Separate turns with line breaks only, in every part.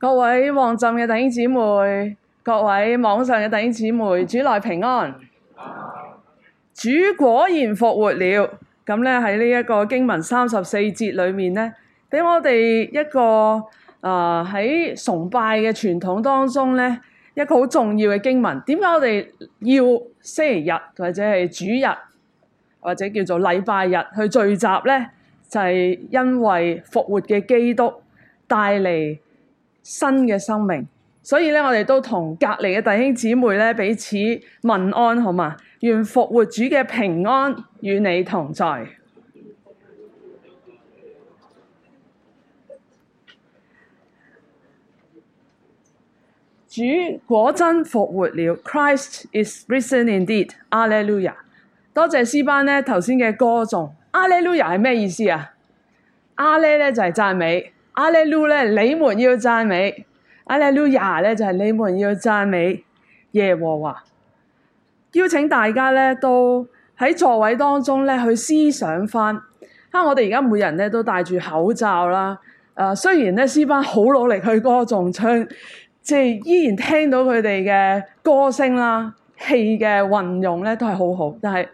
各位旺浸嘅弟兄姊妹，各位網上嘅弟兄姊妹，主內平安。主果然復活了。咁咧喺呢一個經文三十四節裏面咧，俾我哋一個啊喺、呃、崇拜嘅傳統當中咧，一個好重要嘅經文。點解我哋要星期日或者係主日或者叫做禮拜日去聚集咧？就係、是、因為復活嘅基督帶嚟。新嘅生命，所以咧，我哋都同隔籬嘅弟兄姊妹咧彼此問安，好嘛？願復活主嘅平安與你同在。主果真復活了，Christ is risen indeed，阿利路亞！多謝詩班咧頭先嘅歌頌，阿利路亞係咩意思啊？阿利路亞咧就係讚美。阿利路咧，你們要讚美；阿利路亞咧，就係你們要讚美耶和華。邀請大家咧，都喺座位當中咧去思想翻。啊，我哋而家每人咧都戴住口罩啦。誒、呃，雖然咧，詩班好努力去歌頌唱，即係依然聽到佢哋嘅歌聲啦、器嘅運用咧都係好好。但係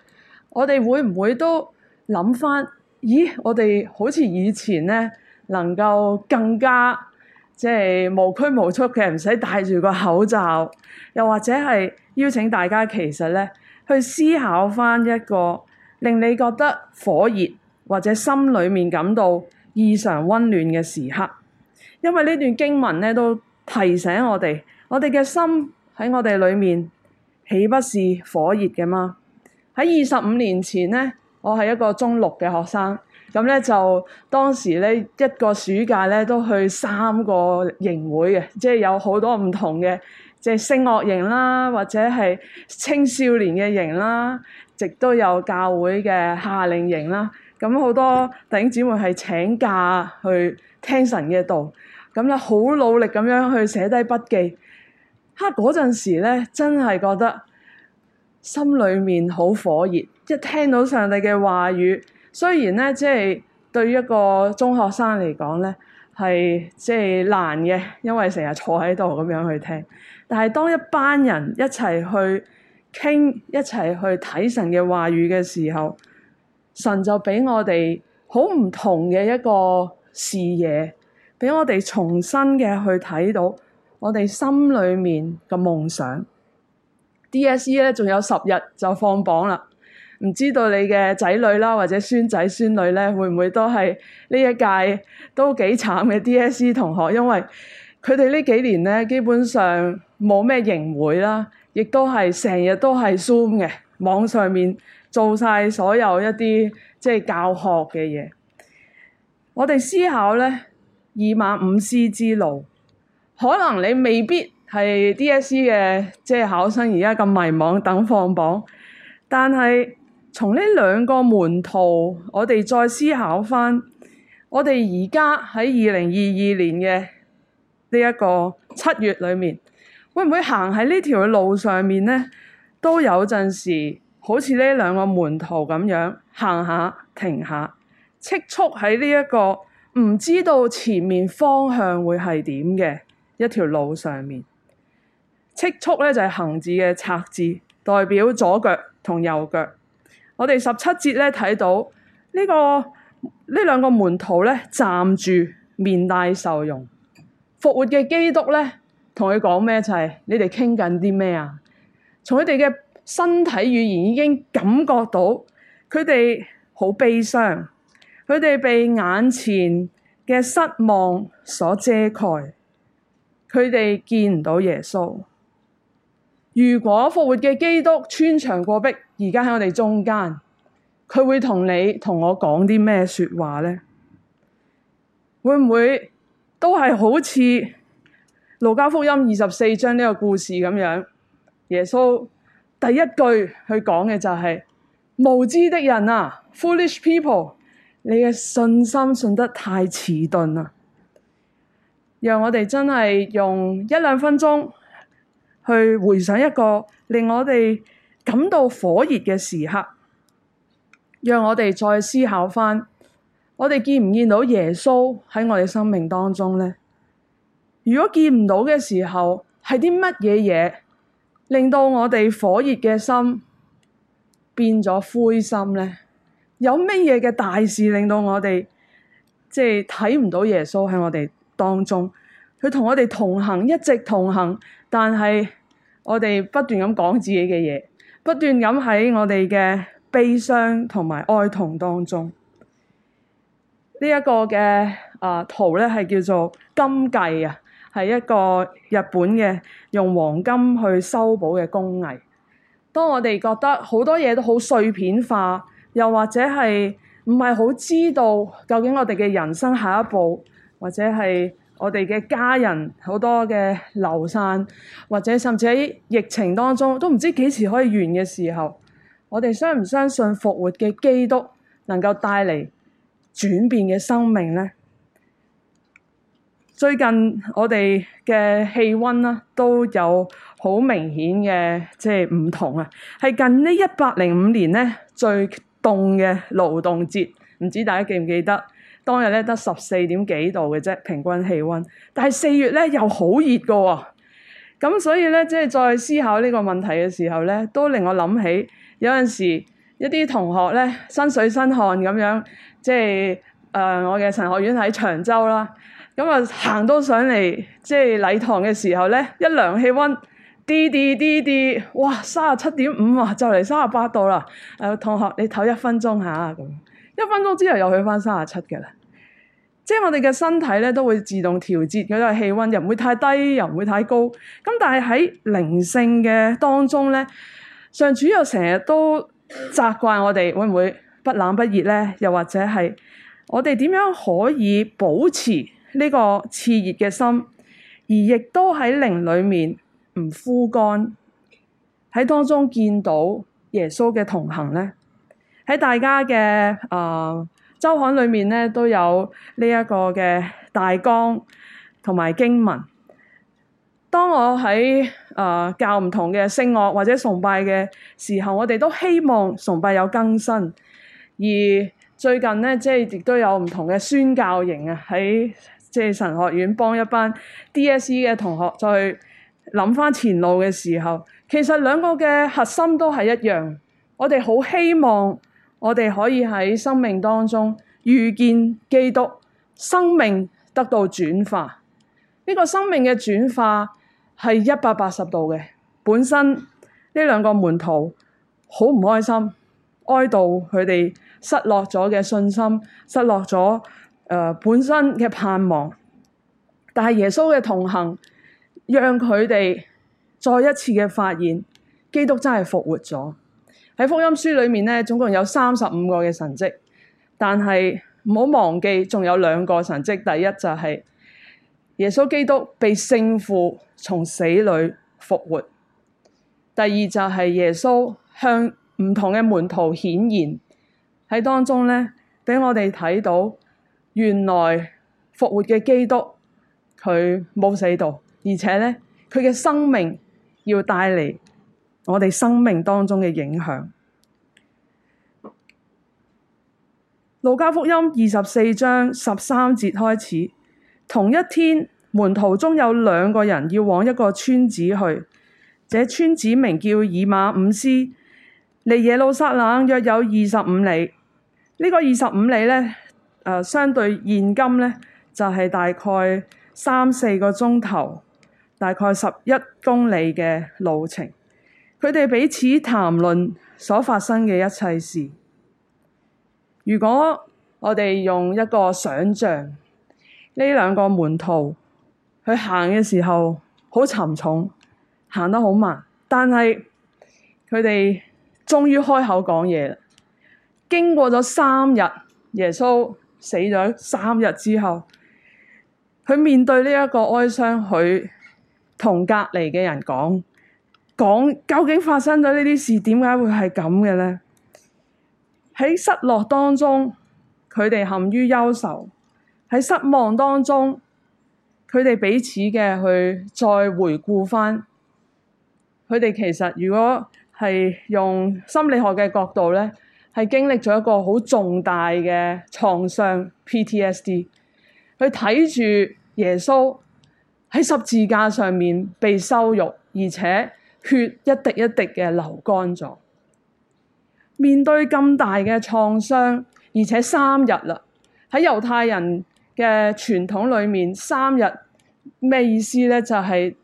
我哋會唔會都諗翻？咦，我哋好似以前咧。能夠更加即係無拘無束嘅，唔使戴住個口罩，又或者係邀請大家其實咧去思考翻一個令你覺得火熱或者心裡面感到異常溫暖嘅時刻，因為呢段經文咧都提醒我哋，我哋嘅心喺我哋裡面豈不是火熱嘅嗎？喺二十五年前呢，我係一個中六嘅學生。咁咧就當時咧一個暑假咧都去三個營會嘅，即係有好多唔同嘅，即係聲樂營啦，或者係青少年嘅營啦，直都有教會嘅夏令營啦。咁好多弟兄姊妹係請假去聽神嘅道，咁咧好努力咁樣去寫低筆記。哈！嗰陣時咧真係覺得心裏面好火熱，一聽到上帝嘅話語。雖然咧，即係對於一個中學生嚟講咧，係即係難嘅，因為成日坐喺度咁樣去聽。但係當一班人一齊去傾，一齊去睇神嘅話語嘅時候，神就俾我哋好唔同嘅一個視野，俾我哋重新嘅去睇到我哋心裡面嘅夢想。DSE 咧，仲有十日就放榜啦。唔知道你嘅仔女啦，或者孫仔孫女咧，會唔會都係呢一屆都幾慘嘅 DSE 同學？因為佢哋呢幾年咧，基本上冇咩營會啦，亦都係成日都係 Zoom 嘅網上面做晒所有一啲即係教學嘅嘢。我哋思考咧，以馬忤斯之路，可能你未必係 DSE 嘅即係考生而家咁迷茫，等放榜，但係，從呢兩個門徒，我哋再思考翻，我哋而家喺二零二二年嘅呢一個七月裏面，會唔會行喺呢條路上面呢？都有陣時好似呢兩個門徒咁樣行下停下，彳亍喺呢一個唔知道前面方向會係點嘅一條路上面。彳亍咧就係行字嘅拆字，代表左腳同右腳。我哋十七節咧睇到呢個呢兩個門徒咧站住，面帶愁容。復活嘅基督咧同佢講咩？就係你哋傾緊啲咩啊？從佢哋嘅身體語言已經感覺到佢哋好悲傷，佢哋被眼前嘅失望所遮蓋，佢哋見唔到耶穌。如果復活嘅基督穿牆過壁，而家喺我哋中間，佢會同你同我講啲咩說話呢？會唔會都係好似路加福音二十四章呢個故事咁樣？耶穌第一句去講嘅就係、是、無知的人啊，foolish people，你嘅信心信得太遲鈍啦。讓我哋真係用一兩分鐘。去回想一個令我哋感到火熱嘅時刻，讓我哋再思考返，我哋見唔見到耶穌喺我哋生命當中呢？如果見唔到嘅時候，係啲乜嘢嘢令到我哋火熱嘅心變咗灰心呢？有乜嘢嘅大事令到我哋即係睇唔到耶穌喺我哋當中？佢同我哋同行，一直同行。但係，我哋不斷咁講自己嘅嘢，不斷咁喺我哋嘅悲傷同埋哀痛當中。呢、這、一個嘅啊圖咧係叫做金計啊，係一個日本嘅用黃金去修補嘅工藝。當我哋覺得好多嘢都好碎片化，又或者係唔係好知道究竟我哋嘅人生下一步，或者係？我哋嘅家人好多嘅流散，或者甚至喺疫情當中都唔知幾時可以完嘅時候，我哋相唔相信復活嘅基督能夠帶嚟轉變嘅生命咧？最近我哋嘅氣温啦都有好明顯嘅即係唔同啊！係近呢一百零五年咧最凍嘅勞動節，唔知大家記唔記得？當日咧得十四點幾度嘅啫，平均氣温。但係四月咧又好熱嘅喎、哦，咁所以咧即係再思考呢個問題嘅時候咧，都令我諗起有陣時一啲同學咧身水身汗咁樣，即係誒、呃、我嘅神學院喺長洲啦，咁啊行到上嚟即係禮堂嘅時候咧，一量氣温，滴滴滴滴，哇三十七點五啊，就嚟三十八度啦！誒同學，你唞一分鐘嚇咁。啊一分鐘之後又去翻三十七嘅啦，即係我哋嘅身體咧都會自動調節嗰個氣温，又唔會太低，又唔會太高。咁但係喺靈性嘅當中咧，上主又成日都責怪我哋會唔會不冷不熱咧？又或者係我哋點樣可以保持呢個熾熱嘅心，而亦都喺靈裏面唔枯乾，喺當中見到耶穌嘅同行咧？喺大家嘅啊、呃、周刊裏面咧，都有呢一個嘅大綱同埋經文。當我喺啊、呃、教唔同嘅聖樂或者崇拜嘅時候，我哋都希望崇拜有更新。而最近咧，即係亦都有唔同嘅宣教營啊，喺即係神學院幫一班 DSE 嘅同學再諗翻前路嘅時候，其實兩個嘅核心都係一樣。我哋好希望。我哋可以喺生命當中遇見基督，生命得到轉化。呢個生命嘅轉化係一百八十度嘅。本身呢兩個門徒好唔開心，哀悼佢哋失落咗嘅信心，失落咗誒本身嘅盼望。但係耶穌嘅同行，讓佢哋再一次嘅發現，基督真係復活咗。喺福音書裏面咧，總共有三十五個嘅神跡，但係唔好忘記，仲有兩個神跡。第一就係耶穌基督被聖父從死裏復活；第二就係耶穌向唔同嘅門徒顯現。喺當中咧，俾我哋睇到原來復活嘅基督佢冇死到，而且咧，佢嘅生命要帶嚟我哋生命當中嘅影響。路加福音二十四章十三節開始，同一天，門徒中有兩個人要往一個村子去，這村子名叫以馬五斯，離耶路撒冷約有二十五里。呢個二十五里呢、呃，相對現今呢，就係大概三四個鐘頭，大概十一公里嘅路程。佢哋彼此談論所發生嘅一切事。如果我哋用一個想象，呢兩個門徒去行嘅時候，好沉重，行得好慢，但係佢哋終於開口講嘢。經過咗三日，耶穌死咗三日之後，佢面對呢一個哀傷，佢同隔籬嘅人講，講究竟發生咗呢啲事，點解會係咁嘅咧？喺失落當中，佢哋陷於憂愁；喺失望當中，佢哋彼此嘅去再回顧返。佢哋其實如果係用心理學嘅角度咧，係經歷咗一個好重大嘅創傷 PTSD。佢睇住耶穌喺十字架上面被羞辱，而且血一滴一滴嘅流乾咗。面對咁大嘅創傷，而且三日啦，喺猶太人嘅傳統裏面，三日咩意思咧？就係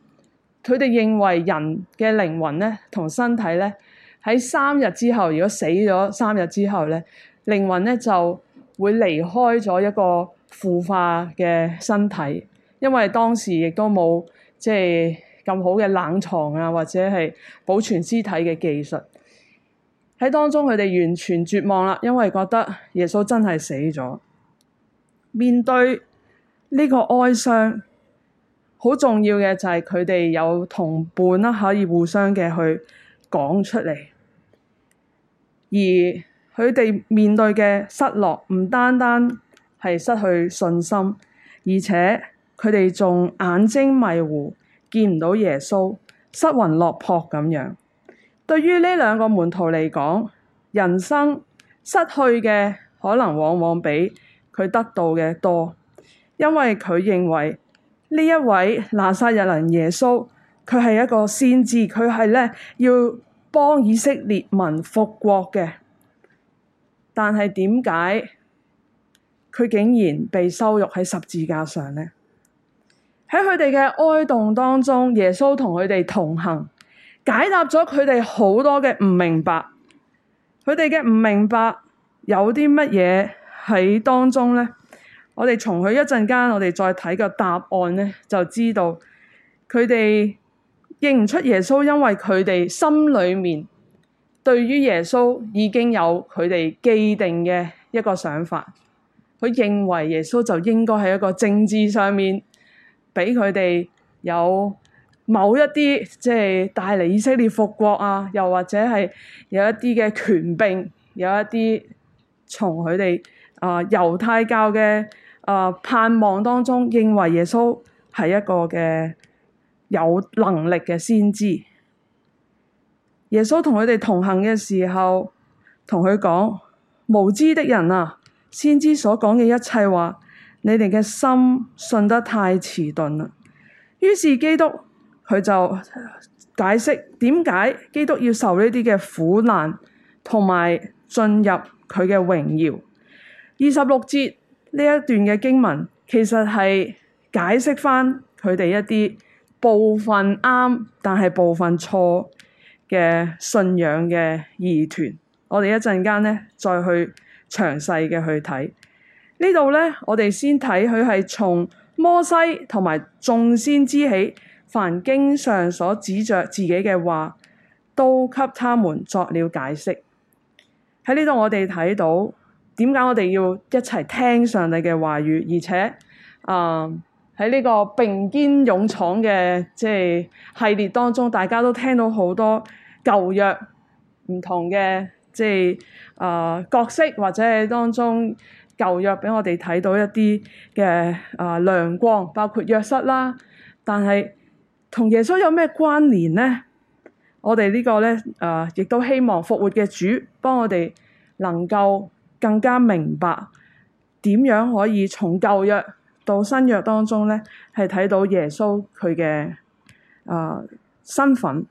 佢哋認為人嘅靈魂咧，同身體咧，喺三日之後，如果死咗三日之後咧，靈魂咧就會離開咗一個腐化嘅身體，因為當時亦都冇即係咁好嘅冷藏啊，或者係保存屍體嘅技術。喺當中，佢哋完全絕望啦，因為覺得耶穌真係死咗。面對呢個哀傷，好重要嘅就係佢哋有同伴啦，可以互相嘅去講出嚟。而佢哋面對嘅失落，唔單單係失去信心，而且佢哋仲眼睛迷糊，見唔到耶穌，失魂落魄咁樣。對於呢兩個門徒嚟講，人生失去嘅可能往往比佢得到嘅多，因為佢認為呢一位拿撒勒人耶穌，佢係一個先知，佢係呢要幫以色列民復國嘅。但係點解佢竟然被羞辱喺十字架上呢？喺佢哋嘅哀痛當中，耶穌同佢哋同行。解答咗佢哋好多嘅唔明白，佢哋嘅唔明白有啲乜嘢喺當中咧？我哋從佢一陣間，我哋再睇個答案咧，就知道佢哋認唔出耶穌，因為佢哋心裏面對於耶穌已經有佢哋既定嘅一個想法，佢認為耶穌就應該係一個政治上面俾佢哋有。某一啲即係帶嚟以色列復國啊，又或者係有一啲嘅權柄，有一啲從佢哋啊猶太教嘅啊盼望當中認為耶穌係一個嘅有能力嘅先知。耶穌同佢哋同行嘅時候，同佢講：無知的人啊，先知所講嘅一切話，你哋嘅心信得太遲鈍啦。於是基督，佢就解釋點解基督要受呢啲嘅苦難，同埋進入佢嘅榮耀。二十六節呢一段嘅經文其實係解釋翻佢哋一啲部分啱，但係部分錯嘅信仰嘅疑團。我哋一陣間呢，再去詳細嘅去睇。呢度呢，我哋先睇佢係從摩西同埋眾先知起，凡經上所指著自己嘅話，都給他們作了解釋。喺呢度我哋睇到點解我哋要一齊聽上帝嘅話語，而且啊喺呢個並肩勇闖嘅即係系列當中，大家都聽到好多舊約唔同嘅即係啊、呃、角色，或者係當中舊約俾我哋睇到一啲嘅啊亮光，包括約瑟啦，但係。同耶穌有咩關聯呢？我哋呢個咧，誒、呃，亦都希望復活嘅主幫我哋能夠更加明白點樣可以從舊約到新約當中咧，係睇到耶穌佢嘅誒身份。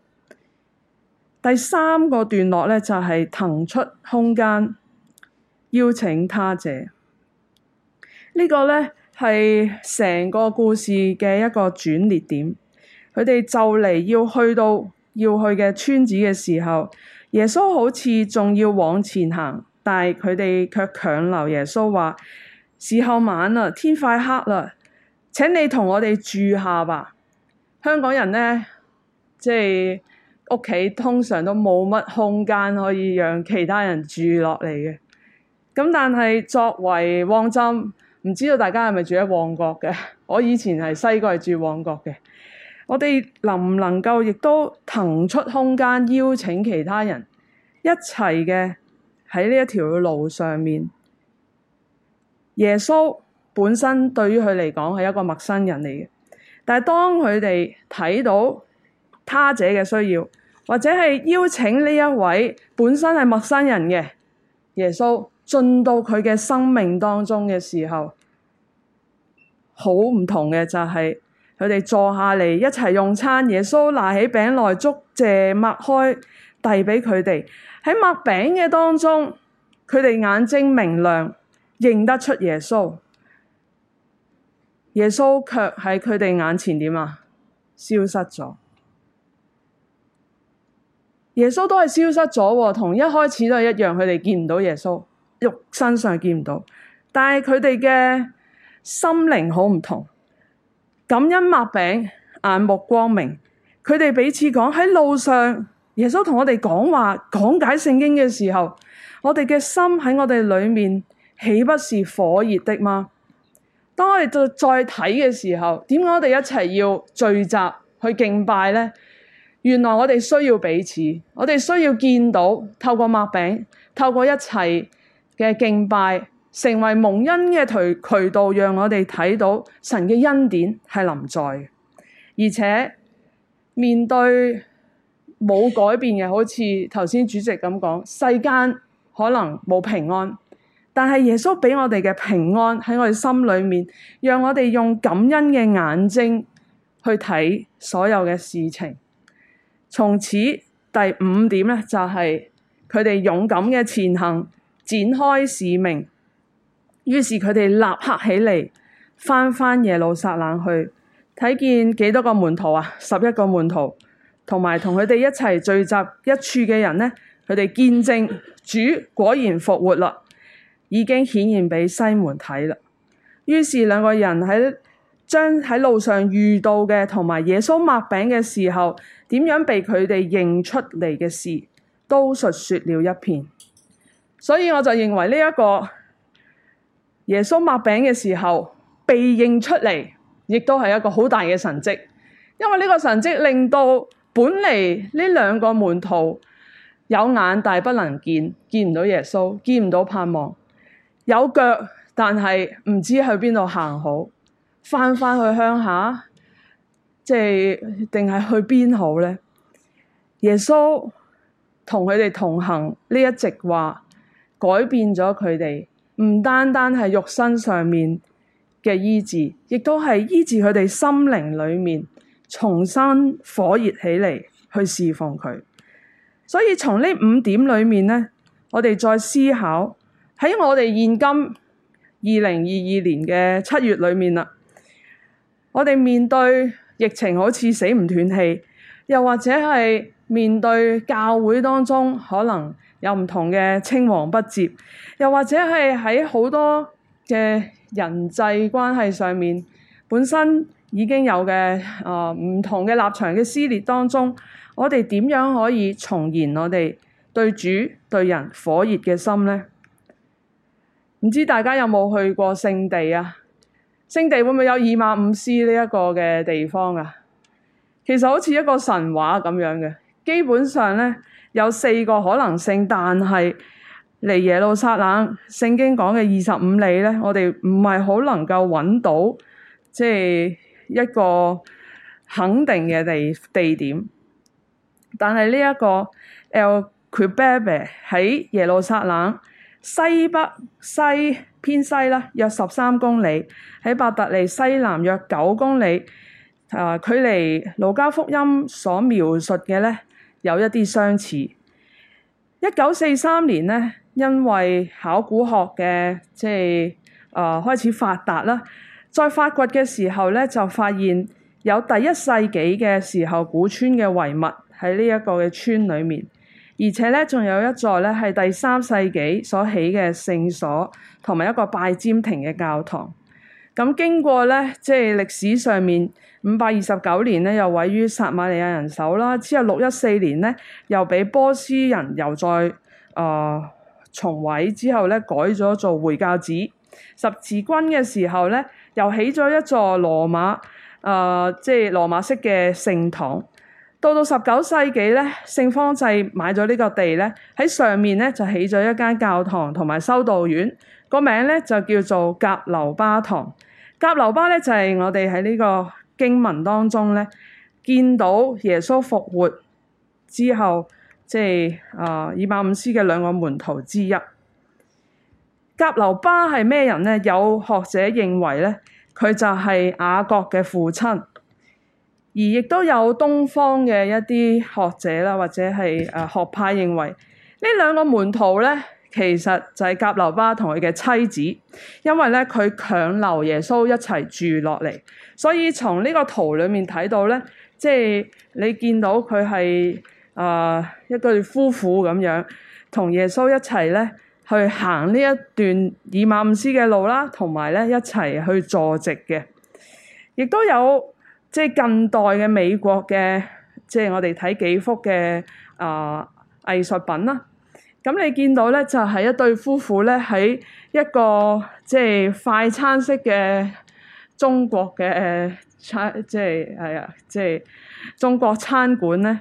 第三個段落咧，就係、是、騰出空間邀請他者。這個、呢個咧係成個故事嘅一個轉捩點。佢哋就嚟要去到要去嘅村子嘅時候，耶穌好似仲要往前行，但係佢哋卻強留耶穌話：時候晚啦，天快黑啦，請你同我哋住下吧。香港人咧，即係屋企通常都冇乜空間可以讓其他人住落嚟嘅。咁但係作為旺浸，唔知道大家係咪住喺旺角嘅？我以前係細個住旺角嘅。我哋能唔能夠亦都騰出空間，邀請其他人一齊嘅喺呢一條路上面？耶穌本身對於佢嚟講係一個陌生人嚟嘅，但係當佢哋睇到他者嘅需要，或者係邀請呢一位本身係陌生人嘅耶穌進到佢嘅生命當中嘅時候，好唔同嘅就係、是。佢哋坐下嚟一齊用餐，耶穌拿起餅來祝謝，擘開遞俾佢哋。喺擘餅嘅當中，佢哋眼睛明亮，認得出耶穌。耶穌卻喺佢哋眼前點啊？消失咗。耶穌都係消失咗，同一開始都係一樣。佢哋見唔到耶穌，肉身上見唔到，但係佢哋嘅心靈好唔同。感恩擘餅，眼目光明。佢哋彼此講，喺路上，耶穌同我哋講話，講解聖經嘅時候，我哋嘅心喺我哋裏面豈不是火熱的嗎？當我哋再睇嘅時候，點解我哋一齊要聚集去敬拜呢？原來我哋需要彼此，我哋需要見到透過擘餅，透過一切嘅敬拜。成為蒙恩嘅渠道，讓我哋睇到神嘅恩典係臨在嘅，而且面對冇改變嘅，好似頭先主席咁講，世間可能冇平安，但係耶穌俾我哋嘅平安喺我哋心裏面，讓我哋用感恩嘅眼睛去睇所有嘅事情。從此，第五點咧，就係佢哋勇敢嘅前行，展開使命。於是佢哋立刻起嚟，翻返耶路撒冷去睇見幾多個門徒啊，十一個門徒，同埋同佢哋一齊聚集一處嘅人呢，佢哋見證主果然復活啦，已經顯現俾西門睇啦。於是兩個人喺將喺路上遇到嘅，同埋耶穌擘餅嘅時候，點樣被佢哋認出嚟嘅事，都述說了一遍。所以我就認為呢、這、一個。耶穌擘餅嘅時候被認出嚟，亦都係一個好大嘅神蹟，因為呢個神蹟令到本嚟呢兩個門徒有眼大不能見，見唔到耶穌，見唔到盼望；有腳但係唔知去邊度行好，翻翻去鄉下，即係定係去邊好咧？耶穌同佢哋同行呢一席話，改變咗佢哋。唔單單係肉身上面嘅醫治，亦都係醫治佢哋心靈裏面重新火熱起嚟，去侍奉佢。所以從呢五點裏面呢，我哋再思考喺我哋現今二零二二年嘅七月裏面啦，我哋面對疫情好似死唔斷氣，又或者係面對教會當中可能。有唔同嘅青黃不接，又或者係喺好多嘅人際關係上面，本身已經有嘅啊唔同嘅立場嘅撕裂當中，我哋點樣可以重燃我哋對主對人火熱嘅心呢？唔知大家有冇去過聖地啊？聖地會唔會有以馬忤斯呢一個嘅地方啊？其實好似一個神話咁樣嘅，基本上咧。有四個可能性，但係嚟，耶路撒冷聖經講嘅二十五里咧，我哋唔係好能夠揾，到即係一個肯定嘅地地點。但係呢一個 El Qubeibeh 喺耶路撒冷西北西偏西啦，約十三公里，喺伯特利西南約九公里，啊，距離路加福音所描述嘅咧，有一啲相似。一九四三年呢，因為考古學嘅即係啊、呃、開始發達啦，再發掘嘅時候咧，就發現有第一世紀嘅時候古村嘅遺物喺呢一個嘅村裡面，而且咧仲有一座咧係第三世紀所起嘅聖所同埋一個拜占庭嘅教堂。咁經過咧，即係歷史上面五百二十九年咧，又毀於撒瑪利亞人手啦。之後六一四年咧，又俾波斯人又再啊重毀之後咧，改咗做回教寺。十字軍嘅時候咧，又起咗一座羅馬啊、呃，即係羅馬式嘅聖堂。到到十九世紀咧，聖方濟買咗呢個地咧，喺上面咧就起咗一間教堂同埋修道院，個名咧就叫做格樓巴堂。革流巴咧就係我哋喺呢個經文當中咧見到耶穌復活之後，即係啊以馬忤斯嘅兩個門徒之一。革流巴係咩人咧？有學者認為咧，佢就係雅各嘅父親，而亦都有東方嘅一啲學者啦，或者係誒學派認為呢兩個門徒咧。其實就係革流巴同佢嘅妻子，因為咧佢強留耶穌一齊住落嚟，所以從呢個圖裡面睇到咧，即係你見到佢係啊一對夫婦咁樣，同耶穌一齊咧去行呢一段以馬忤斯嘅路啦，同埋咧一齊去坐席嘅，亦都有即係近代嘅美國嘅，即係我哋睇幾幅嘅啊藝術品啦。咁你見到咧，就係、是、一對夫婦咧喺一個即係快餐式嘅中國嘅餐，即係係啊，即係中國餐館咧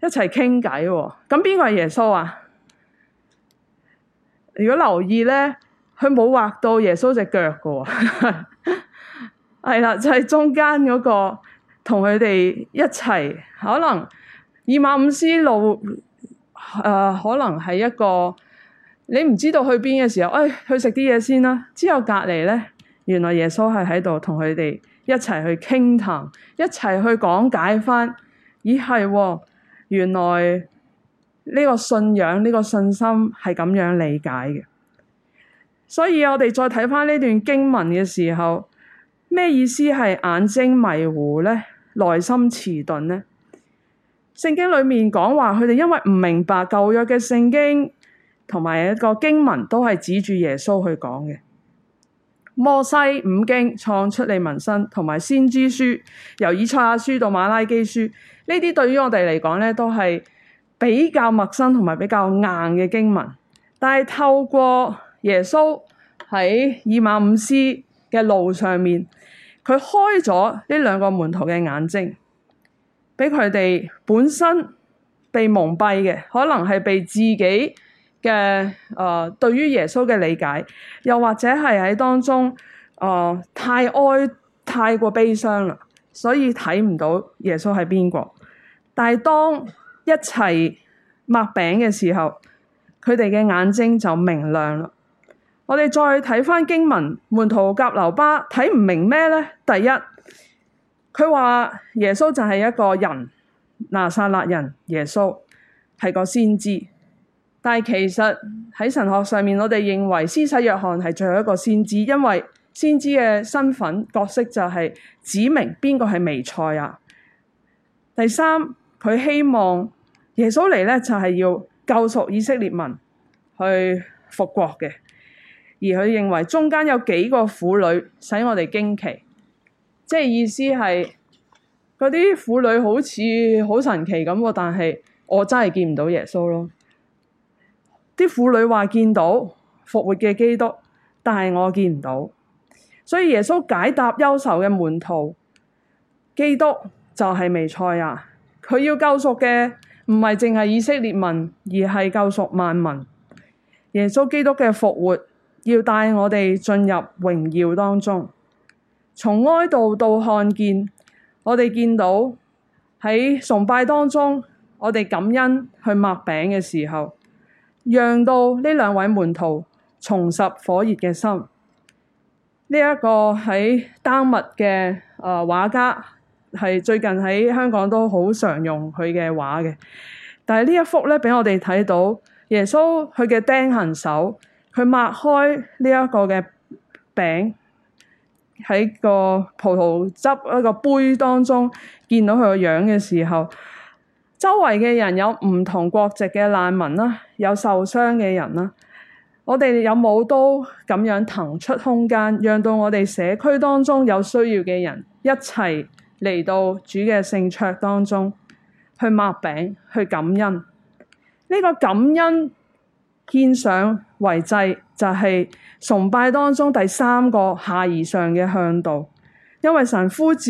一齊傾偈喎。咁邊個係耶穌啊？如果留意咧，佢冇畫到耶穌隻腳嘅喎，係 啦、啊，就係、是、中間嗰、那個同佢哋一齊，可能以馬忤斯路。誒、呃、可能係一個你唔知道去邊嘅時候，誒、哎、去食啲嘢先啦。之後隔離咧，原來耶穌係喺度同佢哋一齊去傾談，一齊去講解翻。咦係喎，原來呢個信仰、呢個信心係咁樣理解嘅。所以我哋再睇翻呢段經文嘅時候，咩意思係眼睛迷糊咧，內心遲鈍咧？聖經裏面講話，佢哋因為唔明白舊約嘅聖經同埋一個經文，都係指住耶穌去講嘅。摩西五經創出利民生，同埋先知書，由以賽亞書到馬拉基書，呢啲對於我哋嚟講咧，都係比較陌生同埋比較硬嘅經文。但係透過耶穌喺以馬忤斯嘅路上面，佢開咗呢兩個門徒嘅眼睛。俾佢哋本身被蒙蔽嘅，可能係被自己嘅誒、呃、對於耶穌嘅理解，又或者係喺當中誒、呃、太哀、太過悲傷啦，所以睇唔到耶穌係邊個。但係當一齊擘餅嘅時候，佢哋嘅眼睛就明亮啦。我哋再睇返經文，門徒革流巴睇唔明咩咧？第一。佢話耶穌就係一個人，拿撒勒人耶穌係個先知。但係其實喺神學上面，我哋認為施洗約翰係最後一個先知，因為先知嘅身份角色就係指明邊個係彌賽亞啊。第三，佢希望耶穌嚟咧就係要救贖以色列民去復國嘅，而佢認為中間有幾個婦女使我哋驚奇。即係意思係，嗰啲婦女好似好神奇咁，但係我真係見唔到耶穌咯。啲婦女話見到復活嘅基督，但係我見唔到。所以耶穌解答憂愁嘅門徒：基督就係彌賽亞，佢要救贖嘅唔係淨係以色列民，而係救贖萬民。耶穌基督嘅復活要帶我哋進入榮耀當中。從哀悼到看見，我哋見到喺崇拜當中，我哋感恩去擘餅嘅時候，讓到呢兩位門徒重拾火熱嘅心。呢、這、一個喺丹麥嘅啊畫家係最近喺香港都好常用佢嘅畫嘅，但係呢一幅咧俾我哋睇到耶穌佢嘅釘痕手，佢擘開呢一個嘅餅。喺個葡萄汁一個杯當中見到佢個樣嘅時候，周圍嘅人有唔同國籍嘅難民啦，有受傷嘅人啦。我哋有冇都咁樣騰出空間，讓到我哋社區當中有需要嘅人一齊嚟到主嘅聖桌當中去擘餅、去感恩？呢、這個感恩。獻上為祭就係、是、崇拜當中第三個下而上嘅向導，因為神呼召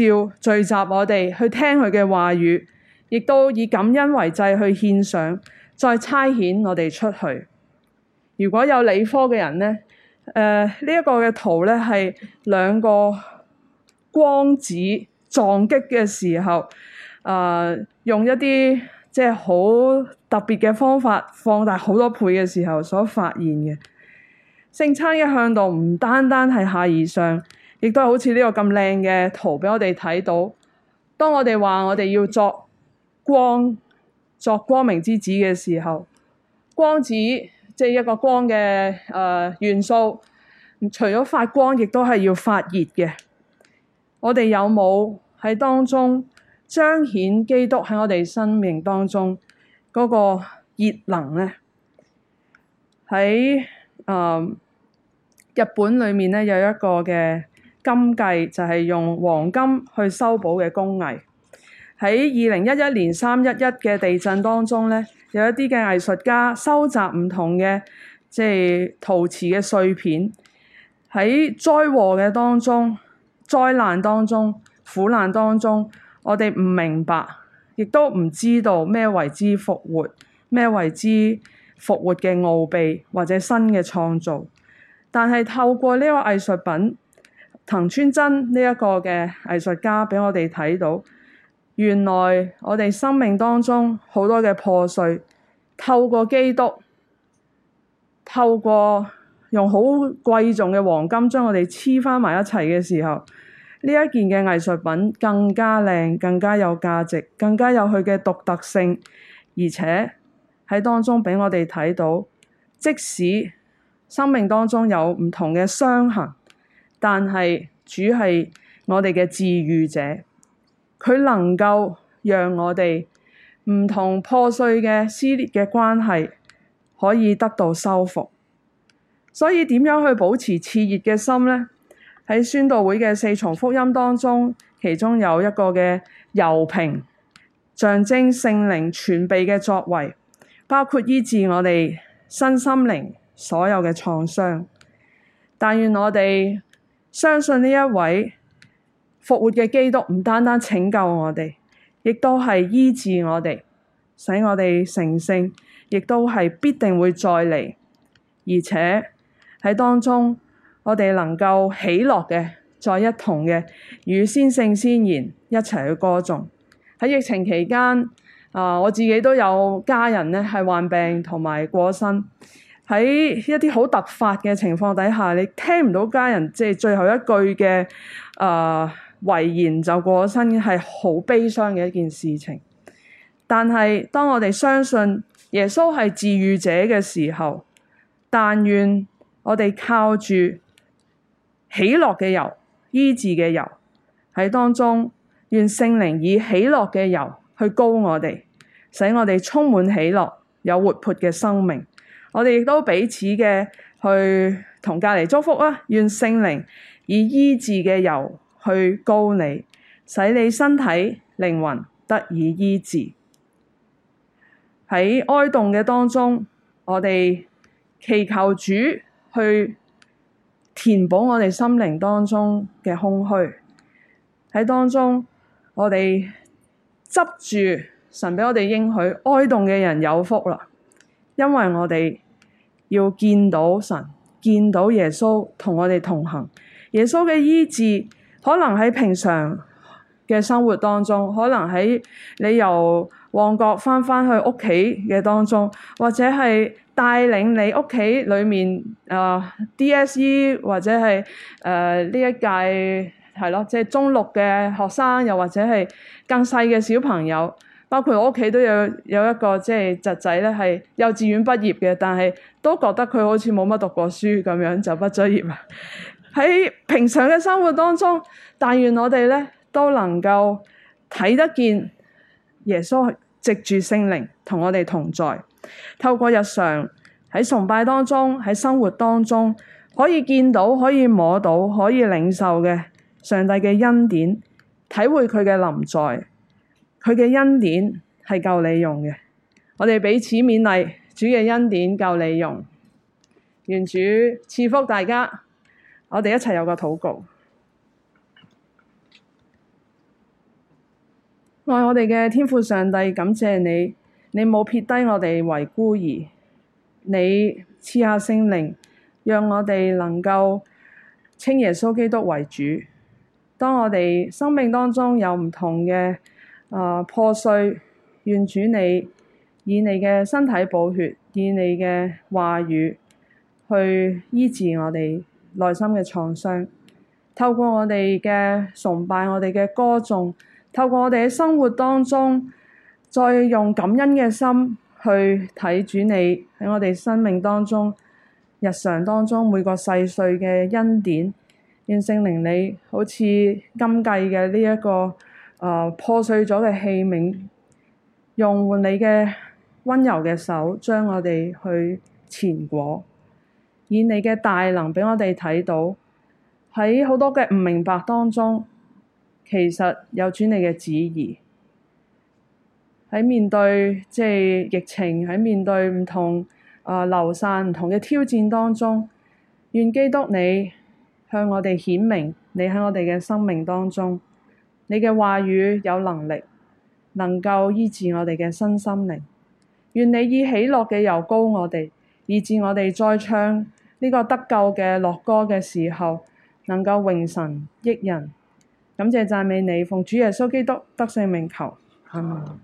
聚集我哋去聽佢嘅話語，亦都以感恩為祭去獻上，再差遣我哋出去。如果有理科嘅人呢，誒呢一個嘅圖咧，係兩個光子撞擊嘅時候，誒、呃、用一啲。即係好特別嘅方法，放大好多倍嘅時候，所發現嘅聖餐嘅向度唔單單係下而上，亦都係好似呢個咁靚嘅圖俾我哋睇到。當我哋話我哋要作光作光明之子嘅時候，光子即係一個光嘅誒元素，除咗發光，亦都係要發熱嘅。我哋有冇喺當中？彰顯基督喺我哋生命當中嗰、那個熱能咧，喺啊、呃、日本裏面咧有一個嘅金計，就係、是、用黃金去修補嘅工藝。喺二零一一年三一一嘅地震當中咧，有一啲嘅藝術家收集唔同嘅即係陶瓷嘅碎片，喺災禍嘅當中、災難當中、苦難當中。我哋唔明白，亦都唔知道咩為之復活，咩為之復活嘅奧秘或者新嘅創造。但係透過呢個藝術品，藤村真呢一個嘅藝術家，俾我哋睇到，原來我哋生命當中好多嘅破碎，透過基督，透過用好貴重嘅黃金將我哋黐返埋一齊嘅時候。呢一件嘅藝術品更加靚，更加有價值，更加有佢嘅獨特性，而且喺當中俾我哋睇到，即使生命當中有唔同嘅傷痕，但係主係我哋嘅治癒者，佢能夠讓我哋唔同破碎嘅撕裂嘅關係可以得到修復。所以點樣去保持熾熱嘅心呢？喺宣道會嘅四重福音當中，其中有一個嘅油瓶，象徵聖靈全備嘅作為，包括醫治我哋身心靈所有嘅創傷。但願我哋相信呢一位復活嘅基督，唔單單拯救我哋，亦都係醫治我哋，使我哋成聖，亦都係必定會再嚟，而且喺當中。我哋能夠喜樂嘅，再一同嘅，與先聖先賢一齊去歌頌。喺疫情期間，啊、呃，我自己都有家人咧係患病同埋過身。喺一啲好突發嘅情況底下，你聽唔到家人即係最後一句嘅啊遺言就過身，係好悲傷嘅一件事情。但係當我哋相信耶穌係治癒者嘅時候，但願我哋靠住。喜樂嘅油，醫治嘅油喺當中，願聖靈以喜樂嘅油去膏我哋，使我哋充滿喜樂，有活潑嘅生命。我哋亦都彼此嘅去同隔籬祝福啊。願聖靈以醫治嘅油去膏你，使你身體、靈魂得以醫治。喺哀慟嘅當中，我哋祈求主去。填補我哋心靈當中嘅空虛，喺當中我哋執住神俾我哋應許，哀痛嘅人有福啦，因為我哋要見到神，見到耶穌同我哋同行。耶穌嘅醫治，可能喺平常嘅生活當中，可能喺你由，旺角翻翻去屋企嘅當中，或者係帶領你屋企裏面、呃、啊 DSE 或者係誒呢一屆係咯，即係中六嘅學生，又或者係更細嘅小朋友，包括我屋企都有有一個即係侄仔咧，係幼稚園畢業嘅，但係都覺得佢好似冇乜讀過書咁樣就畢咗業啦。喺 平常嘅生活當中，但願我哋咧都能夠睇得見耶穌。藉住聖靈同我哋同在，透過日常喺崇拜當中，喺生活當中，可以見到、可以摸到、可以領受嘅上帝嘅恩典，體會佢嘅臨在，佢嘅恩典係夠你用嘅。我哋彼此勉勵，主嘅恩典夠你用。願主賜福大家，我哋一齊有個禱告。愛我哋嘅天父上帝，感謝你，你冇撇低我哋為孤兒，你賜下聖靈，讓我哋能夠稱耶穌基督為主。當我哋生命當中有唔同嘅啊、呃、破碎，願主你以你嘅身體寶血，以你嘅話語去醫治我哋內心嘅創傷。透過我哋嘅崇拜，我哋嘅歌頌。透過我哋喺生活當中，再用感恩嘅心去睇住你喺我哋生命當中、日常當中每個細碎嘅恩典，應聖令你好、這個，好似今季嘅呢一個誒破碎咗嘅器皿，用換你嘅温柔嘅手，將我哋去纏裹，以你嘅大能俾我哋睇到喺好多嘅唔明白當中。其實有主你嘅旨意喺面對即係疫情，喺面對唔同啊、呃、流散唔同嘅挑戰當中，願基督你向我哋顯明你喺我哋嘅生命當中，你嘅話語有能力能夠醫治我哋嘅身心靈。願你以喜樂嘅油膏我哋，以致我哋再唱呢個得救嘅樂歌嘅時候，能夠榮神益人。感謝讚美你，奉主耶穌基督得勝名求，Amen.